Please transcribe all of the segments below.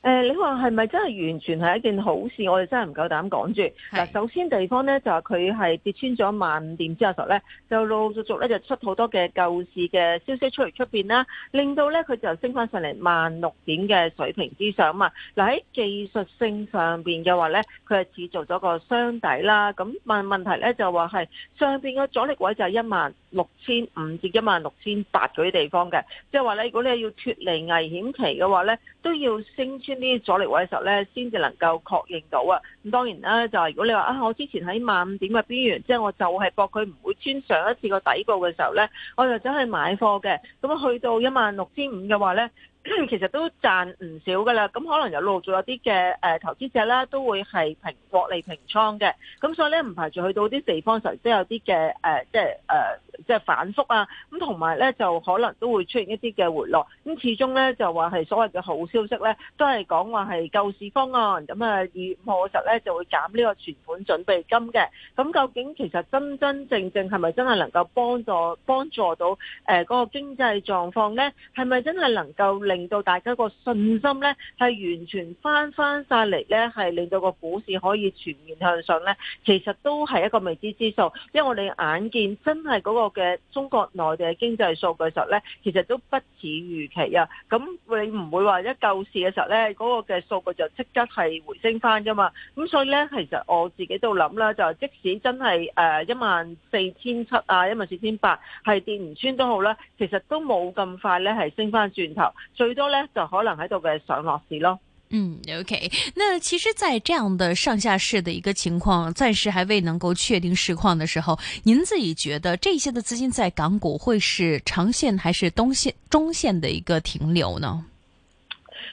誒、呃，你話係咪真係完全係一件好事？我哋真係唔夠膽講住。嗱的，首先地方咧就係佢係跌穿咗萬五點之後咧，就陸陸續續咧就出好多嘅救市嘅消息出嚟出面啦，令到咧佢就升翻上嚟萬六點嘅水平之上啊嘛。嗱喺技術性上面嘅話咧，佢係製造咗個箱底啦。咁問問題咧就話係上面嘅阻力位就係一萬六千五至一萬六千八嗰啲地方嘅，即係話咧如果你要脫離危險期嘅話咧，都要升。先啲阻力位嘅時候咧，先至能夠確認到啊。當然啦，就如果你話啊，我之前喺萬五點嘅邊緣，即係我就係博佢唔會穿上一次個底部嘅時候咧，我就走去買貨嘅。咁去到一萬六千五嘅話咧，其實都賺唔少噶啦。咁可能又落咗有啲嘅投資者咧，都會係平獲利平倉嘅。咁所以咧，唔排除去到啲地方，實有、呃呃呃、即有啲嘅即係即反覆啊。咁同埋咧，就可能都會出現一啲嘅回落。咁始終咧，就話係所謂嘅好消息咧，都係講話係救市方案。咁啊，咧。就會減呢個存款準備金嘅，咁究竟其實真真正正係咪真係能夠幫助幫助到誒嗰、呃嗰個經濟狀況咧？係咪真係能夠令到大家個信心咧？係完全翻翻晒嚟咧？係令到個股市可以全面向上咧？其實都係一個未知之數，因為我哋眼見真係嗰個嘅中國內地嘅經濟數據時候咧，其實都不似預期啊。咁你唔會話一救市嘅時候咧，嗰、嗰個嘅數據就即刻係回升翻噶嘛？所以咧，其實我自己都諗啦，就即使真係誒一萬四千七啊，一萬四千八係跌唔穿都好啦，其實都冇咁快咧，係升翻轉頭，最多咧就可能喺度嘅上落市咯。嗯，OK，那其實在這樣的上下市的一個情況，暫時還未能夠確定市況的時候，您自己覺得這些的資金在港股會是長線還是中線、中線的一個停留呢？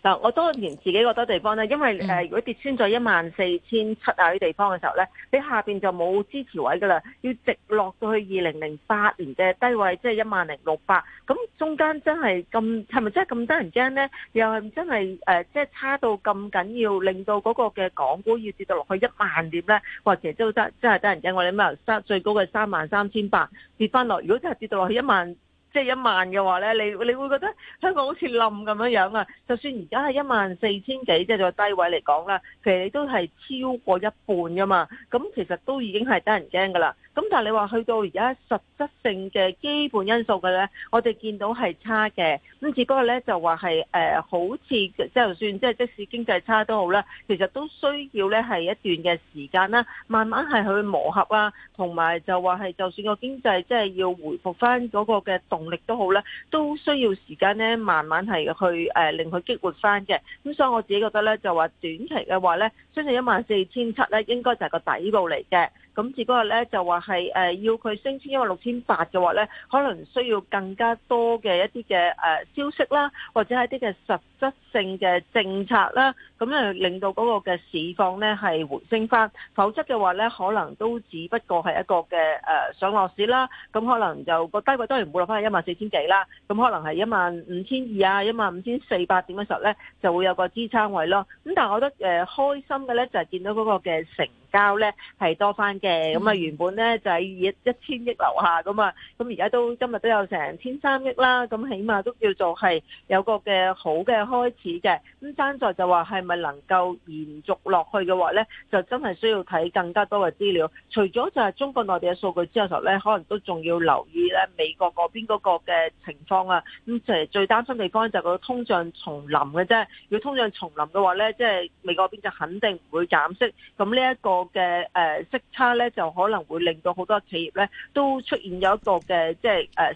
嗱，我當年自己覺得地方咧，因為誒，如果跌穿咗一萬四千七啊啲地方嘅時候咧，你下面就冇支持位噶啦，要直落到去二零零八年嘅低位，即係一萬零六百，咁中間真係咁係咪真係咁得人驚咧？又係真係誒，即係差到咁緊要，令到嗰個嘅港股要跌到落去一萬點咧？或者真係真得人驚，我哋咁啊三最高嘅三萬三千八跌翻落，如果真係跌到落去一萬。即係一萬嘅話咧，你你會覺得香港好似冧咁樣樣啊！就算而家係一萬四千幾，即係喺低位嚟講啦，其實都係超過一半噶嘛，咁其實都已經係得人驚噶啦。咁但係你話去到而家實質性嘅基本因素嘅咧，我哋見到係差嘅。咁至於嗰個咧就話係誒，好似即係就算即係即使經濟差都好啦，其實都需要咧係一段嘅時間啦，慢慢係去磨合啦、啊，同埋就話係就算個經濟即係要回復翻嗰個嘅動力都好咧，都需要時間咧，慢慢係去誒、呃、令佢激活翻嘅。咁所以我自己覺得咧，就話短期嘅話咧，相信一萬四千七咧，應該就係個底部嚟嘅。咁至嗰日咧就16，話係誒要佢升穿一萬六千八嘅話咧，可能需要更加多嘅一啲嘅誒消息啦，或者係一啲嘅實質性嘅政策啦，咁誒令到嗰個嘅市況咧係回升翻，否則嘅話咧可能都只不過係一個嘅誒上落市啦，咁可能就個低位當然唔會落翻去一萬四千幾啦，咁可能係一萬五千二啊，一萬五千四百點嘅時候咧就會有個支撐位咯。咁但係我覺得誒開心嘅咧就係見到嗰個嘅成交咧係多翻嘅，咁啊原本咧就係一一千億樓下咁啊，咁而家都今日都有成千三億啦，咁起碼都叫做係有個嘅好嘅開始嘅，咁爭在就話係咪能夠延續落去嘅話咧，就真係需要睇更加多嘅資料。除咗就係中國內地嘅數據之後嘅咧，可能都仲要留意咧美國嗰邊嗰個嘅情況啊，咁就係最擔心地方就係個通脹重臨嘅啫。如果通脹重臨嘅話咧，即係美國嗰邊就肯定唔會減息。咁呢一個。嘅誒息差咧，就可能會令到好多企業咧都出現咗一個嘅，即係誒。就是呃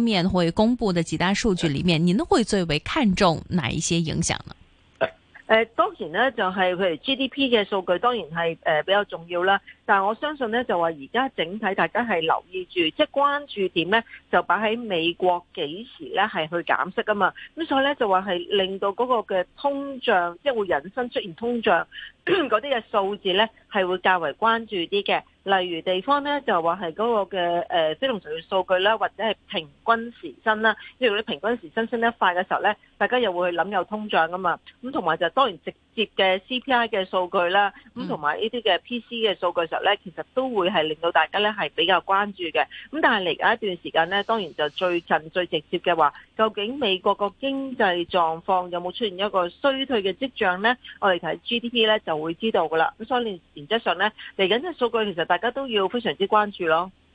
面會公布嘅幾大數據裏面，您會最為看重哪一些影響呢？誒、呃，當然咧就係、是、譬如 GDP 嘅數據，當然係誒、呃、比較重要啦。但係我相信咧就話而家整體大家係留意住，即係關注點咧就擺喺美國幾時咧係去減息啊嘛。咁所以咧就話係令到嗰個嘅通脹，即係會引申出現通脹嗰啲嘅數字咧。係會較為關注啲嘅，例如地方咧就話係嗰個嘅誒非農數據數據啦，或者係平均時薪啦。如果你平均時薪升得快嘅時候咧，大家又會諗有通脹㗎嘛。咁同埋就當然直接嘅 CPI 嘅數據啦，咁同埋呢啲嘅 PCE 嘅數據時候咧，其實都會係令到大家咧係比較關注嘅。咁但係嚟緊一段時間咧，當然就最近最直接嘅話，究竟美國個經濟狀況有冇出現一個衰退嘅跡象咧？我哋睇 GDP 咧就會知道㗎喇。咁所以，原則上咧嚟緊嘅數據，其實大家都要非常之關注咯。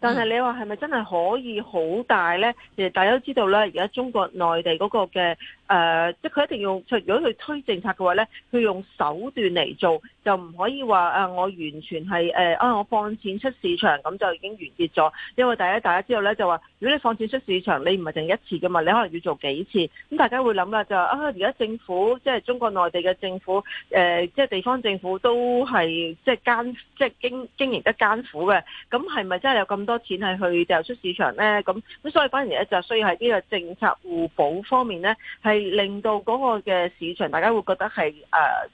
但係你話係咪真係可以好大呢？其實大家都知道啦，而家中國內地嗰個嘅、呃、即係佢一定要，如果佢推政策嘅話呢，佢用手段嚟做，就唔可以話啊！我完全係誒啊！我放錢出市場咁就已經完結咗，因為大家大家知道呢，就話如果你放錢出市場，你唔係淨一次噶嘛，你可能要做幾次。咁大家會諗啦，就啊，而家政府即係中國內地嘅政府誒、呃，即係地方政府都係即係艱即係經經營得艱苦嘅，咁係咪真係有咁？多錢係去就出市場咧，咁咁所以反而咧就需要喺呢在這個政策互補方面咧，係令到嗰個嘅市場，大家會覺得係誒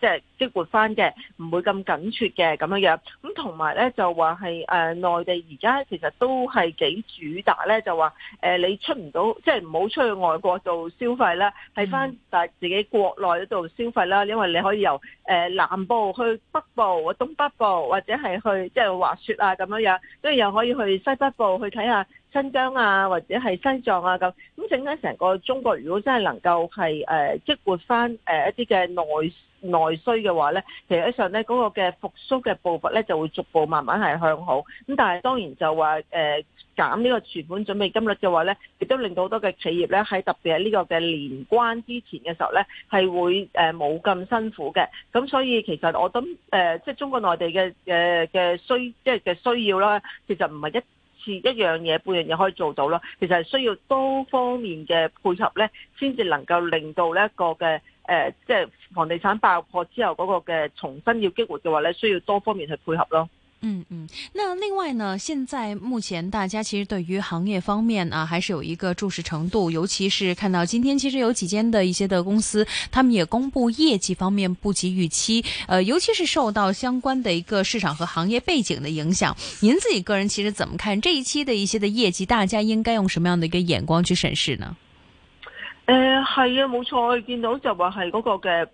即係激活翻嘅，唔會咁緊缺嘅咁樣樣。咁同埋咧就話係誒內地而家其實都係幾主打咧，就話誒、呃、你出唔到即係唔好出去外國做消費啦，係翻喺自己國內度消費啦，嗯、因為你可以由誒、呃、南部去北部或東北部，或者係去即係、就是、滑雪啊咁樣樣，跟住又可以去。西北部去睇下新疆啊，或者係西藏啊咁，咁整翻成個中國，如果真係能夠係誒激活翻誒一啲嘅內內需嘅話咧，其實上咧嗰個嘅復甦嘅步伐咧就會逐步慢慢係向好。咁但係當然就話誒減呢個存款準備金率嘅話咧，亦都令到好多嘅企業咧喺特別喺呢個嘅年關之前嘅時候咧係會誒冇咁辛苦嘅。咁所以其實我諗誒即係中國內地嘅誒嘅需即係嘅需要啦，其實唔係一。一樣嘢、半樣嘢可以做到咯，其實係需要多方面嘅配合咧，先至能夠令到呢一個嘅誒，即係房地產爆破之後嗰個嘅重新要激活嘅話咧，需要多方面去配合咯。嗯嗯，那另外呢，現在目前大家其實對於行業方面啊，還是有一個重視程度，尤其是看到今天其實有幾間的一些的公司，他們也公布業績方面不及預期，呃，尤其是受到相關的一個市場和行業背景的影響，您自己個人其實怎麼看這一期的一些的業績，大家應該用什麼樣的一個眼光去審視呢？呃，係啊，冇錯，我見到就話係嗰個嘅。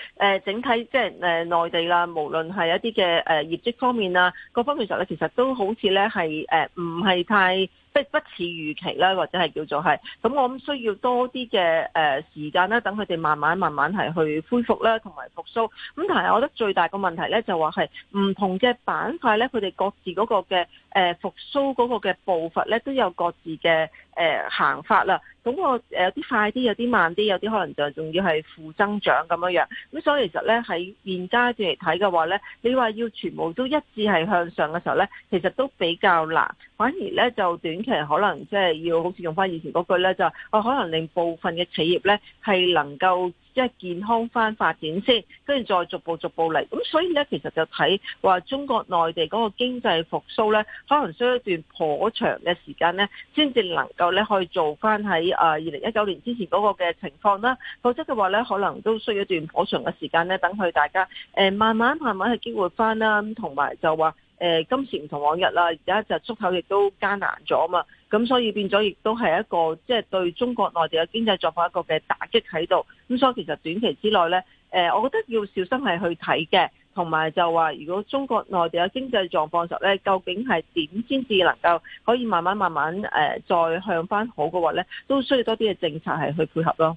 誒、呃，整體即係誒、呃、內地啦，無論係一啲嘅誒業績方面啊，各方面時候咧，其實都好似咧係誒唔係太。即係不似預期啦，或者係叫做係，咁我諗需要多啲嘅誒時間啦，等佢哋慢慢慢慢係去恢復啦，同埋復甦。咁但係我覺得最大個問題咧，就話係唔同嘅板塊咧，佢哋各自嗰個嘅誒復甦嗰個嘅步伐咧，都有各自嘅誒行法啦。咁我誒有啲快啲，有啲慢啲，有啲可能就仲要係負增長咁樣樣。咁所以其實咧，喺現階段嚟睇嘅話咧，你話要全部都一致係向上嘅時候咧，其實都比較難。反而咧就短。其實可能即係要好似用翻以前嗰句咧，就我、是、可能令部分嘅企業咧係能夠即係健康翻發展先，跟住再逐步逐步嚟。咁所以咧，其實就睇話中國內地嗰個經濟復甦咧，可能需要一段頗長嘅時間咧，先至能夠咧可以做翻喺誒二零一九年之前嗰個嘅情況啦。否則嘅話咧，可能都需要一段頗長嘅時間咧，等佢大家誒慢慢慢慢去激活翻啦。同埋就話。誒，今時唔同往日啦，而家就出口亦都艱難咗嘛，咁所以變咗亦都係一個即係、就是、對中國內地嘅經濟狀況一個嘅打擊喺度，咁所以其實短期之內呢，誒，我覺得要小心係去睇嘅，同埋就話如果中國內地嘅經濟狀況時候呢，究竟係點先至能夠可以慢慢慢慢誒再向返好嘅話呢？都需要多啲嘅政策係去配合咯。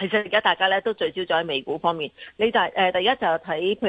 其實而家大家咧都聚焦咗喺美股方面，你第第一就係睇，譬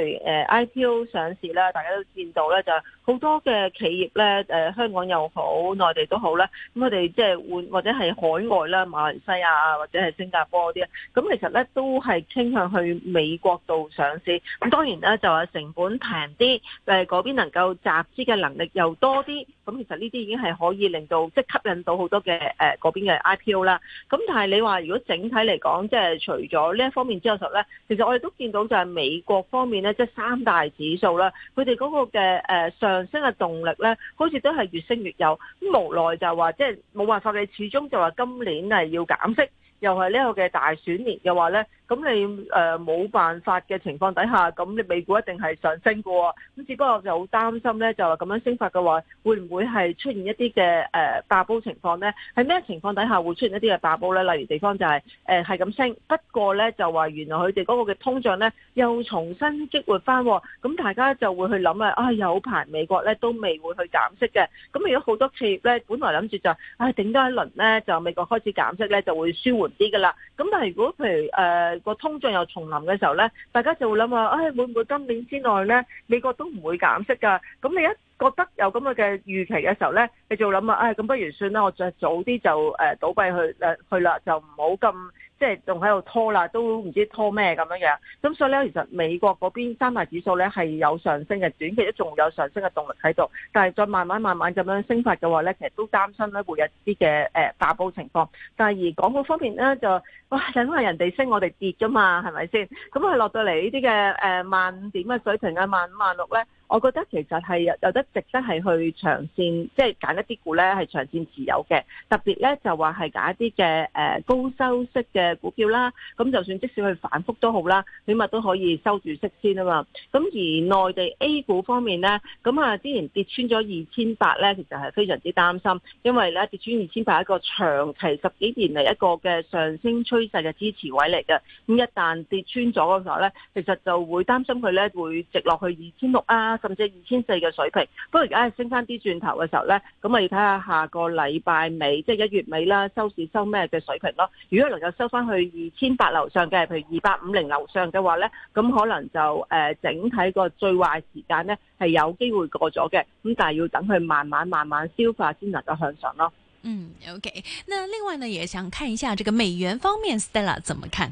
如 IPO 上市啦，大家都見到咧就係好多嘅企業咧香港又好，內地都好啦。咁佢哋即係換或者係海外啦，馬來西亞或者係新加坡嗰啲，咁其實咧都係傾向去美國度上市。咁當然咧就係成本平啲，嗰邊能夠集資嘅能力又多啲，咁其實呢啲已經係可以令到即係吸引到好多嘅嗰邊嘅 IPO 啦。咁但係你話如果整體嚟講即係誒，除咗呢一方面之外，實咧，其實我哋都見到就係美國方面咧，即係三大指數啦。佢哋嗰個嘅誒上升嘅動力咧，好似都係越升越有。咁無奈就話，即係冇辦法，你始終就話今年係要減息，又係呢個嘅大選年話，又話咧。咁你誒冇、呃、辦法嘅情況底下，咁你美股一定係上升嘅喎、哦。咁只不過我就好擔心咧，就話咁樣升法嘅話，會唔會係出現一啲嘅誒爆煲情況咧？喺咩情況底下會出現一啲嘅爆煲咧？例如地方就係誒係咁升，不過咧就話原來佢哋嗰個嘅通脹咧又重新激活翻、哦，咁大家就會去諗啊，啊、哎、有排美國咧都未會去減息嘅。咁如果好多企業咧本來諗住就唉頂多一輪咧，就美國開始減息咧就會舒緩啲嘅啦。咁但係如果譬如、呃個通脹又重臨嘅時候咧，大家就會諗話，唉、哎，會唔會今年之內咧，美國都唔會減息噶？咁你一覺得有咁嘅嘅預期嘅時候咧，你就諗啊，唉、哎，咁不如算啦，我就早啲就誒倒閉去誒去啦，就唔好咁。即係仲喺度拖啦，都唔知拖咩咁樣樣。咁所以咧，其實美國嗰邊三大指數咧係有上升嘅，短期都仲有上升嘅動力喺度。但係再慢慢慢慢咁樣升法嘅話咧，其實都擔心咧會有啲嘅誒大波情況。但係而港股方面咧就哇，等下人哋升我哋跌㗎嘛，係咪先？咁佢落到嚟呢啲嘅誒萬五點嘅水平啊，萬五萬六咧。我覺得其實係有有得值得係去長線，即係揀一啲股咧係長線持有嘅。特別咧就話係揀一啲嘅誒高收息嘅股票啦。咁就算即使佢反覆都好啦，起碼都可以收住息先啊嘛。咁而內地 A 股方面咧，咁啊之前跌穿咗二千八咧，其實係非常之擔心，因為咧跌穿二千八係一個長期十幾年嚟一個嘅上升趨勢嘅支持位嚟嘅。咁一旦跌穿咗嘅時候咧，其實就會擔心佢咧會直落去二千六啊。甚至二千四嘅水平，不過而家係升翻啲轉頭嘅時候呢，咁我要睇下下個禮拜尾，即係一月尾啦，收市收咩嘅水平咯？如果能夠收翻去二千八樓上嘅，譬如二八五零樓上嘅話呢，咁可能就誒整體個最壞時間呢，係有機會過咗嘅，咁但係要等佢慢慢慢慢消化先能夠向上咯。嗯，OK，那另外呢，也想看一下這個美元方面，Stella 怎麼看？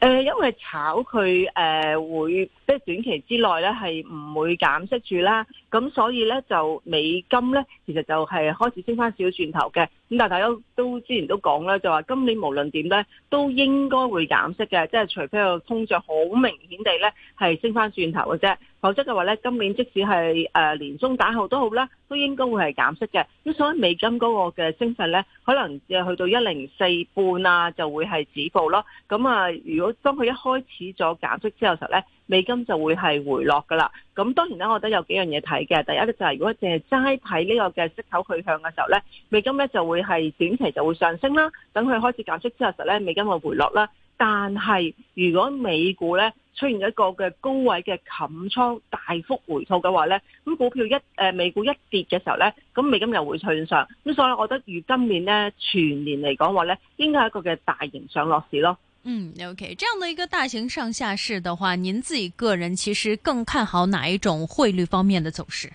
誒、呃，因為炒佢誒、呃、會即係短期之內咧，係唔會減息住啦。咁所以咧就美金咧，其實就係開始升翻少轉頭嘅。咁但係大家都之前都講啦，就話今年無論點咧，都應該會減息嘅，即係除非個通脹好明顯地咧係升翻轉頭嘅啫，否則嘅話咧，今年即使係誒、呃、年中打後都好啦，都應該會係減息嘅。咁所以美金嗰個嘅升勢咧，可能去到一零四半啊，就會係止步咯。咁啊，如果當佢一開始咗減息之後時候呢，時咧美金就會係回落噶啦。咁當然啦，我覺得有幾樣嘢睇嘅。第一咧就係、是，如果淨係齋睇呢個嘅息口去向嘅時候咧，美金咧就會係短期就會上升啦。等佢開始減息之後時咧，美金會回落啦。但係如果美股咧出現一個嘅高位嘅冚倉大幅回吐嘅話咧，咁股票一誒、呃、美股一跌嘅時候咧，咁美金又會向上。咁所以我覺得如今年咧全年嚟講話咧，應該係一個嘅大型上落市咯。嗯，OK，這樣的一個大型上落市的話，您自己個人其實更看好哪一種匯率方面的走勢？誒、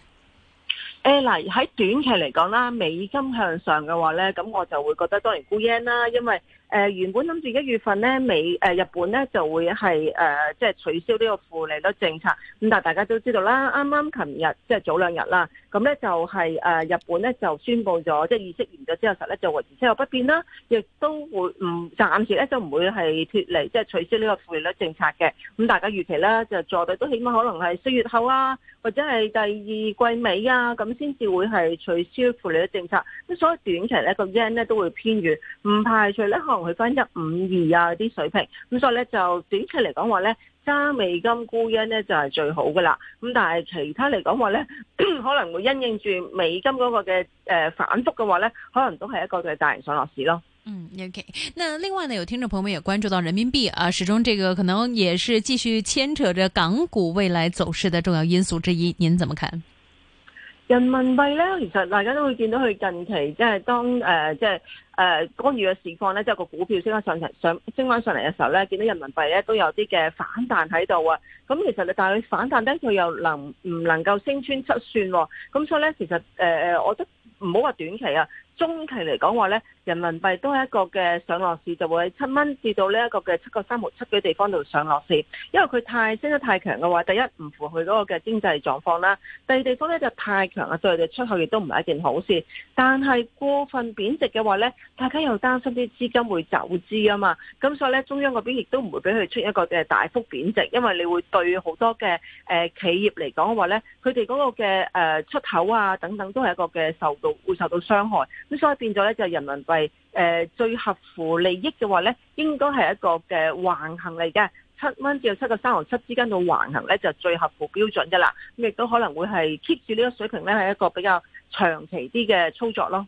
欸，嗱，喺短期嚟講啦，美金向上嘅話咧，咁我就會覺得當然沽 yen 啦，因為。誒、呃、原本諗住一月份咧美誒、呃、日本咧就會係誒即係取消呢個負利率政策，咁但係大家都知道啦，啱啱琴日即係早兩日啦，咁咧就係、是、誒、呃、日本咧就宣布咗即係議息完咗之後實質就維持住不變啦，亦都會唔暫、嗯、時咧都唔會係脱離即係取消呢個負利率政策嘅，咁大家預期咧就坐底都起碼可能係四月後啊，或者係第二季尾啊，咁先至會係取消負利率政策，咁所以短期咧個 yen 咧都會偏軟，唔排除咧可能，去翻一五二啊啲水平，咁所以咧就短期嚟講話咧揸美金沽因咧就係、是、最好噶啦，咁但係其他嚟講話咧可能會因應住美金嗰個嘅誒、呃、反覆嘅話咧，可能都係一個嘅大型上落市咯。嗯，OK。那另外呢有聽眾朋友們也關注到人民幣啊，始終這個可能也是繼續牽扯着港股未來走勢的重要因素之一，您怎麼看？人民幣咧，其實大家都會見到佢近期即係當誒即係。呃就是誒干預嘅市況咧，即、就、係、是、個股票升翻上嚟、上升翻上嚟嘅時候咧，見到人民幣咧都有啲嘅反彈喺度啊。咁其實你但係佢反彈咧，佢又能唔能夠升穿七算，哦？咁所以咧，其實誒、呃，我覺得唔好話短期啊，中期嚟講話咧，人民幣都係一個嘅上落市，就會喺七蚊至到呢一個嘅七個三毛七嘅地方度上落市。因為佢太升得太強嘅話，第一唔符佢嗰個嘅經濟狀況啦，第二地方咧就太強啦，所以佢哋出口亦都唔係一件好事。但係過分貶值嘅話咧，大家又擔心啲資金會走資啊嘛，咁所以咧中央嗰邊亦都唔會俾佢出一個嘅大幅貶值，因為你會對好多嘅、呃、企業嚟講嘅話咧，佢哋嗰個嘅、呃、出口啊等等都係一個嘅受到會受到傷害，咁所以變咗咧就係人民幣誒、呃、最合乎利益嘅話咧，應該係一個嘅橫行嚟嘅，七蚊至到七個三毫七之間嘅橫行咧就是、最合乎標準嘅啦，咁亦都可能會係 keep 住呢個水平咧係一個比較長期啲嘅操作咯。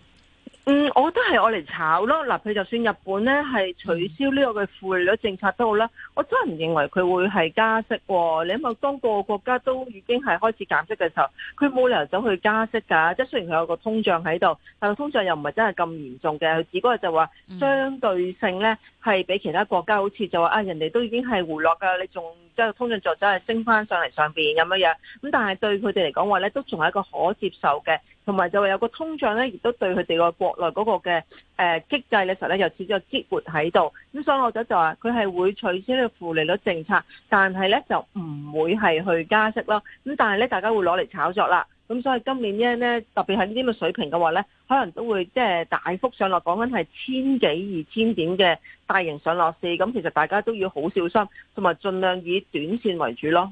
嗯，我覺得係我嚟炒咯。嗱，佢就算日本咧係取消呢個嘅負利率政策都好啦，我真係唔認為佢會係加息。你諗下，當個國家都已經係開始減息嘅時候，佢冇理由走去加息噶。即係雖然佢有個通脹喺度，但係通脹又唔係真係咁嚴重嘅。佢只不過就話，相對性咧係比其他國家好似就話啊，人哋都已經係回落噶，你仲即係通脹作真係升翻上嚟上邊咁樣樣。咁但係對佢哋嚟講話咧，都仲係一個可接受嘅。同埋就話有個通脹咧，亦都對佢哋個國內嗰個嘅誒、呃、激制，嘅時候咧，又始終激活喺度。咁所以我覺得就話佢係會取消呢個負利率政策，但係咧就唔會係去加息咯。咁但係咧，大家會攞嚟炒作啦。咁所以今年呢，特別喺呢啲嘅水平嘅話咧，可能都會即係大幅上落，講緊係千幾二千點嘅大型上落市。咁其實大家都要好小心，同埋盡量以短線為主咯。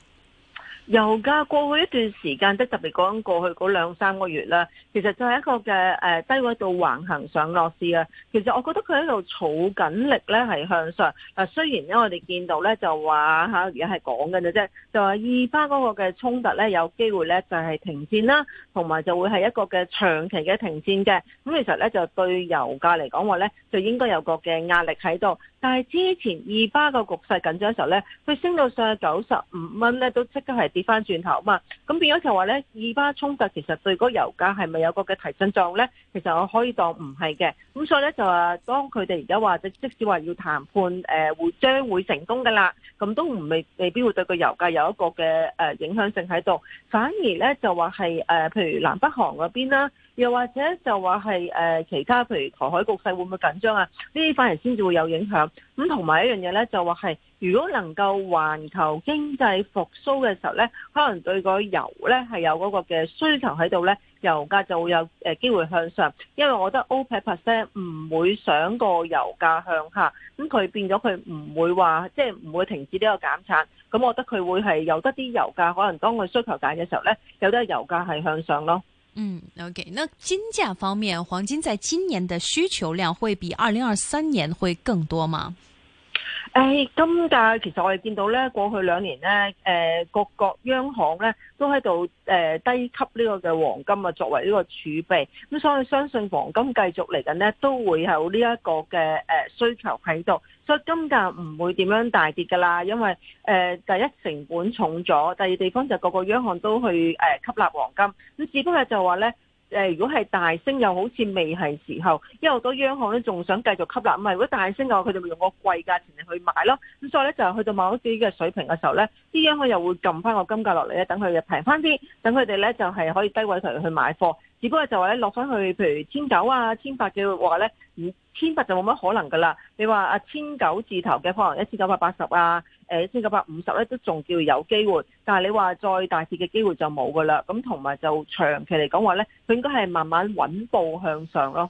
油價，過去一段時間，即係特別講過去嗰兩三個月啦，其實就係一個嘅誒低位度橫行上落市啊。其實我覺得佢喺度儲緊力咧，係向上。嗱，雖然咧我哋見到咧就話嚇，而家係講緊嘅啫就話二巴嗰個嘅衝突咧有機會咧就係停戰啦，同埋就會係一個嘅長期嘅停戰嘅。咁其實咧就對油價嚟講話咧，就應該有個嘅壓力喺度。但係之前二巴個局勢緊張嘅時候咧，佢升到上去九十五蚊咧，都即刻係跌翻轉頭啊嘛，咁變咗就話咧，二巴衝突其實對嗰個油價係咪有一個嘅提振作用咧？其實我可以當唔係嘅，咁所以咧就話、啊、當佢哋而家或者即使話要談判，誒、啊、會將會成功噶啦，咁都唔未未必會對個油價有一個嘅誒、啊、影響性喺度，反而咧就話係誒，譬如南北韓嗰邊啦。又或者就話係誒其他，譬如台海局勢會唔會緊張啊？呢啲反而先至會有影響。咁同埋一樣嘢咧，就話係如果能夠環球經濟復甦嘅時候咧，可能對個油咧係有嗰個嘅需求喺度咧，油價就會有誒機會向上。因為我覺得 OPEC 唔會想個油價向下，咁佢變咗佢唔會話即係唔會停止呢個減產。咁我覺得佢會係有得啲油價，可能當佢需求大嘅時候咧，有得油價係向上咯。嗯，OK，那金價方面，黃金在今年的需求量會比二零二三年會更多嗎？誒，金價其實我哋見到咧，過去兩年咧，誒，各國央行咧都喺度誒低吸呢個嘅黃金啊，作為呢個儲備，咁所以相信黃金繼續嚟緊咧都會有呢一個嘅誒需求喺度。金價唔會點樣大跌噶啦，因為誒、呃、第一成本重咗，第二地方就個個央行都去誒、呃、吸納黃金。咁只不過就話咧，誒、呃、如果係大升又好似未係時候，因為好多央行咧仲想繼續吸納。唔係，如果大升嘅話佢哋用個貴價錢去買咯。咁所以咧就去到某啲嘅水平嘅時候咧，啲央行又會撳翻個金價落嚟，咧等佢又平翻啲，等佢哋咧就係、是、可以低位同佢去買貨。只不過就話咧落翻去譬如千九啊、千八嘅話咧。千八就冇乜可能噶啦，你話啊千九字頭嘅，可能一千九百八十啊，誒一千九百五十咧都仲叫有機會，但係你話再大跌嘅機會就冇噶啦。咁同埋就長期嚟講話咧，佢應該係慢慢穩步向上咯。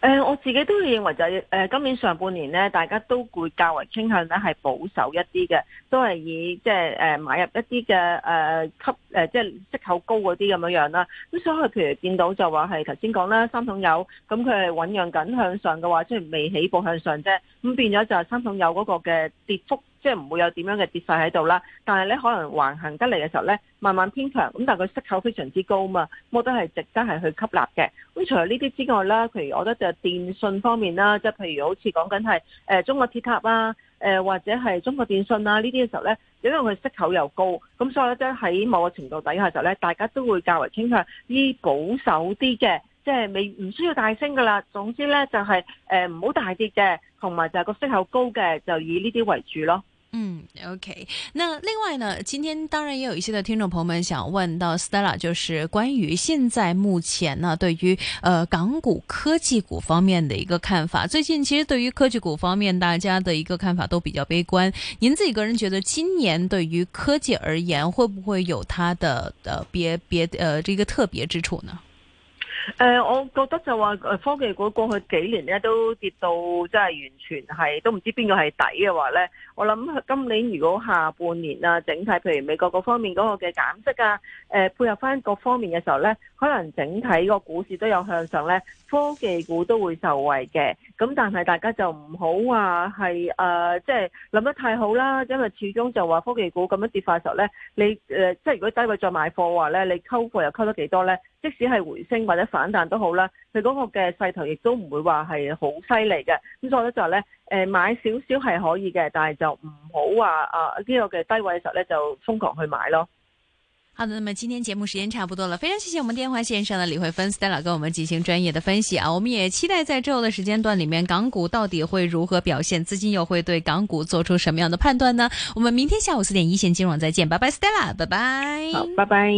誒、呃，我自己都認為就係、是、誒、呃，今年上半年咧，大家都會較為傾向咧係保守一啲嘅，都係以即係誒買入一啲嘅誒吸誒、呃、即係息口高嗰啲咁樣樣啦。咁所以譬如見到就話係頭先講啦，三桶油咁佢係醞釀緊向上嘅話，雖、就、然、是、未起步向上啫，咁變咗就係三桶油嗰個嘅跌幅。即係唔會有點樣嘅跌勢喺度啦，但係咧可能橫行得嚟嘅時候咧，慢慢偏強咁，但係佢息口非常之高嘛，我覺得係值得係去吸納嘅。咁除咗呢啲之外啦，譬如我覺得就係電信方面啦，即係譬如好似講緊係誒中國鐵塔啊，誒或者係中國電信啊呢啲嘅時候咧，因為佢息口又高，咁所以咧即係喺某個程度底下就咧，大家都會較為傾向於保守啲嘅。即係未唔需要大升㗎喇，總之咧就係誒唔好大跌嘅，同埋就係個息口高嘅，就以呢啲為主咯。嗯，OK。那另外呢，今天當然也有一些嘅聽眾朋友們想問到 Stella，就是關於現在目前呢對於誒、呃、港股科技股方面的一個看法。最近其實對於科技股方面，大家的一個看法都比較悲觀。您自己個人覺得今年對於科技而言，會不會有它的別別呃這、呃、個特別之處呢？誒、呃，我覺得就話誒科技股過去幾年咧，都跌到即係完全係都唔知邊個係底嘅話咧。我諗今年如果下半年啊，整體譬如美國各方面嗰個嘅減息啊，誒、呃、配合翻各方面嘅時候咧，可能整體個股市都有向上咧，科技股都會受惠嘅。咁但係大家就唔好話係誒，即係諗得太好啦，因為始終就話科技股咁樣跌發嘅時候咧，你誒、呃，即係如果低位再買貨話咧，你溝貨又溝得幾多咧？即使係回升或者反彈都好啦，佢嗰個嘅勢頭亦都唔會話係好犀利嘅。咁所以咧就話咧。呃、買少少係可以嘅，但係就唔好話啊呢、啊這個嘅低位時候呢，就瘋狂去買咯。好的，咁啊，今天節目時間差不多了，非常謝謝我們電話線上的李慧芬 Stella 跟我們進行專業的分析啊！我們也期待在之後的時間段裏面，港股到底會如何表現，資金又會對港股做出什麼樣的判斷呢？我們明天下午四點一線金融再見，拜拜，Stella，拜拜，好，拜拜。